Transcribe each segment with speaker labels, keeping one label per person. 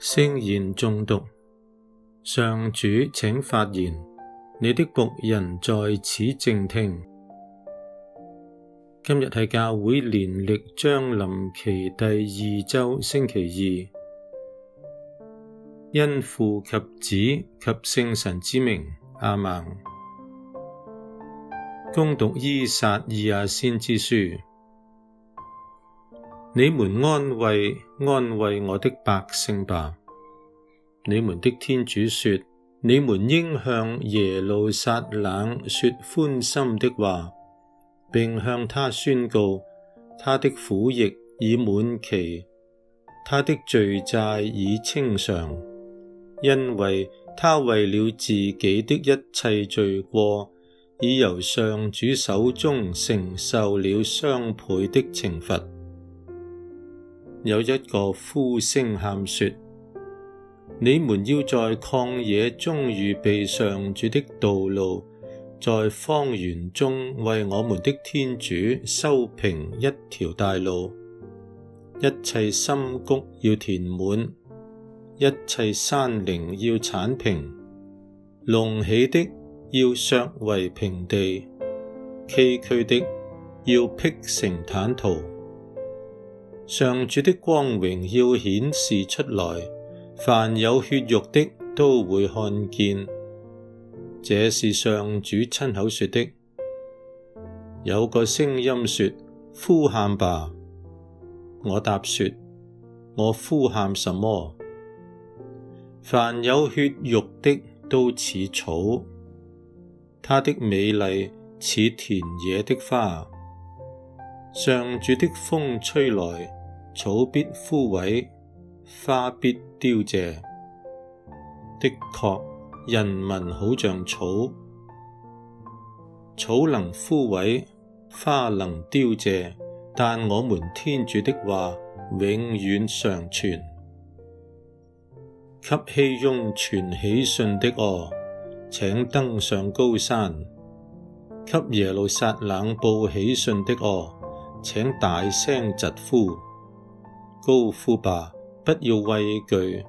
Speaker 1: 聲言，誦讀，上主，請發言，你的僕人在此靜聽。今日係教會年曆將臨期第二周星期二。因父及子及聖神之名，阿們，恭讀依撒意亞先知書，你們安慰安慰我的百姓吧。你們的天主說：你們應向耶路撒冷說寬心的話，並向他宣告他的苦役已滿期，他的罪債已清償。因為他為了自己的一切罪過，已由上主手中承受了雙倍的懲罰。有一個呼聲喊說：你們要在曠野中預備上主的道路，在荒原中為我們的天主修平一條大路，一切深谷要填滿。一切山陵要鏟平，隆起的要削為平地，崎嶇的要闢成坦途。上主的光榮要顯示出來，凡有血肉的都會看見。這是上主親口說的。有個聲音說：呼喊吧！我答說：我呼喊什麼？凡有血肉的都似草，它的美麗似田野的花。上主的風吹來，草必枯萎，花必凋謝。的確，人民好像草，草能枯萎，花能凋謝，但我們天主的話永遠常存。給熙雍傳喜訊的哦，請登上高山；給耶路撒冷報喜訊的哦，請大聲疾呼，高呼吧！不要畏懼，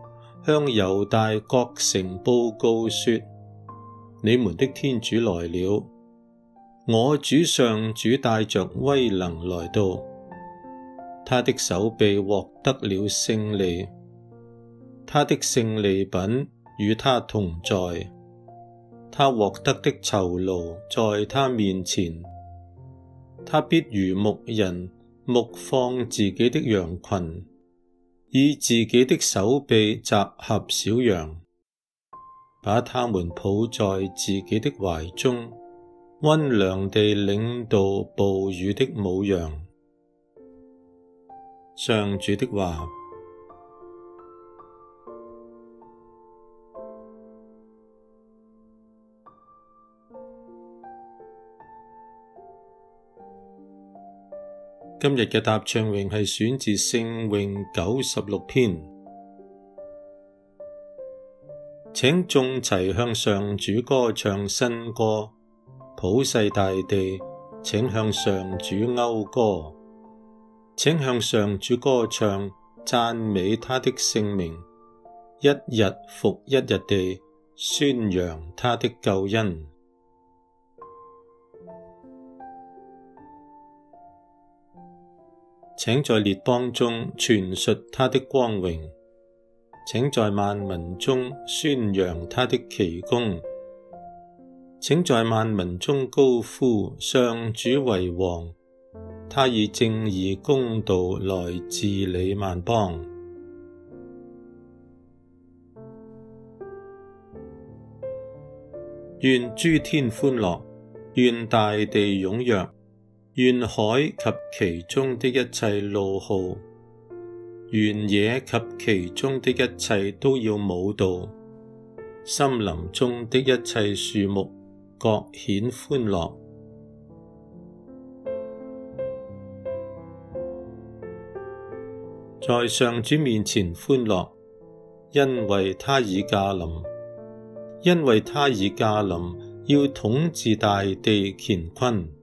Speaker 1: 向猶大各城報告說：你們的天主來了，我主上主帶着威能來到，他的手臂獲得了勝利。他的勝利品與他同在，他獲得的酬勞在他面前，他必如牧人，牧放自己的羊群，以自己的手臂集合小羊，把他們抱在自己的懷中，溫良地領導哺乳的母羊。上主的話。今日嘅答唱詠係選自聖詠九十六篇，請眾齊向上主歌唱新歌，普世大地，請向上主謳歌，請向上主歌唱讚美他的聖名，一日復一日地宣揚他的救恩。請在列邦中傳述他的光榮，請在萬民中宣揚他的奇功，請在萬民中高呼上主為王，他以正義公道來治理萬邦。願諸天歡樂，願大地踴躍。願海及其中的一切怒號，原野及其中的一切都要舞蹈，森林中的一切樹木各顯歡樂，在上主面前歡樂，因為他已駕臨，因為他已駕臨，要統治大地乾坤。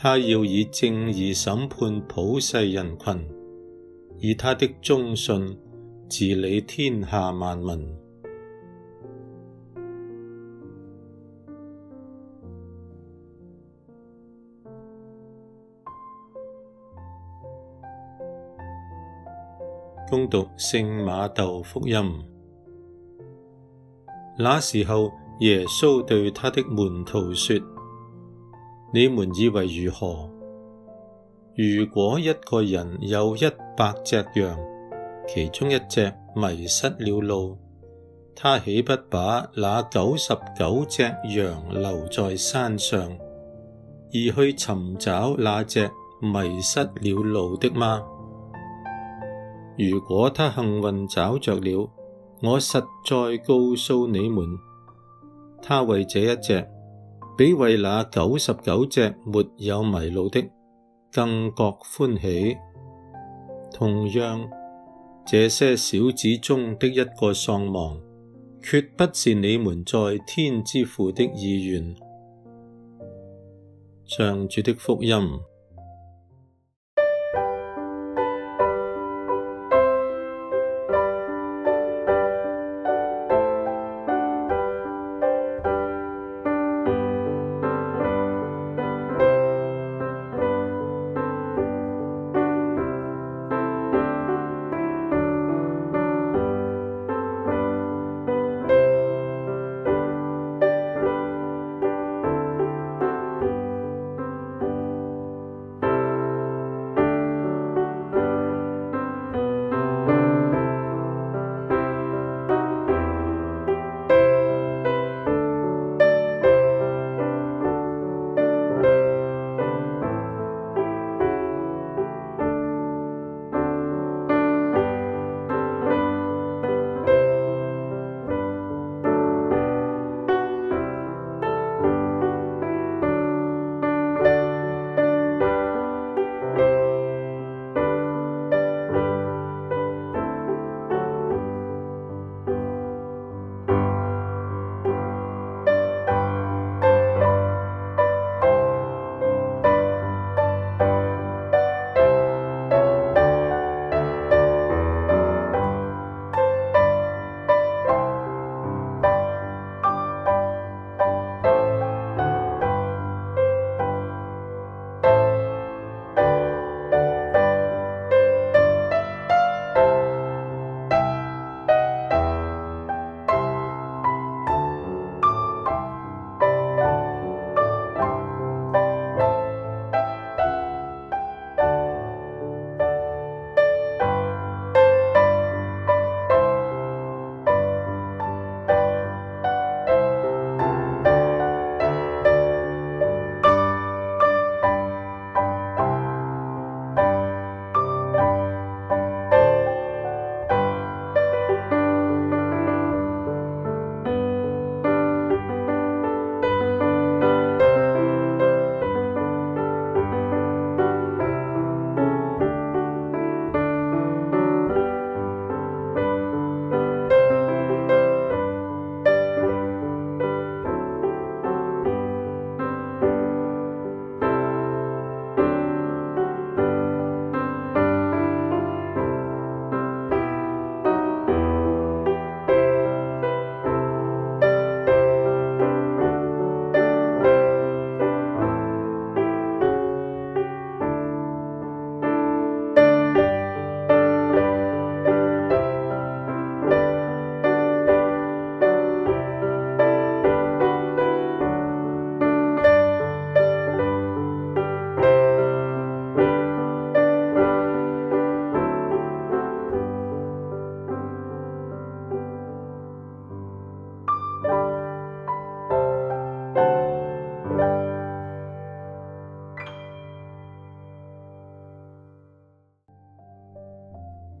Speaker 1: 他要以正義審判普世人群，以他的忠信治理天下萬民。恭 讀聖瑪竇福音。那時候，耶穌對他的門徒說。你們以為如何？如果一個人有一百隻羊，其中一隻迷失了路，他豈不把那九十九隻羊留在山上，而去尋找那隻迷失了路的嗎？如果他幸運找着了，我實在告訴你們，他為這一隻。比為那九十九隻沒有迷路的，更覺歡喜。同樣，這些小子中的一個喪亡，決不是你們在天之父的意願。上主的福音。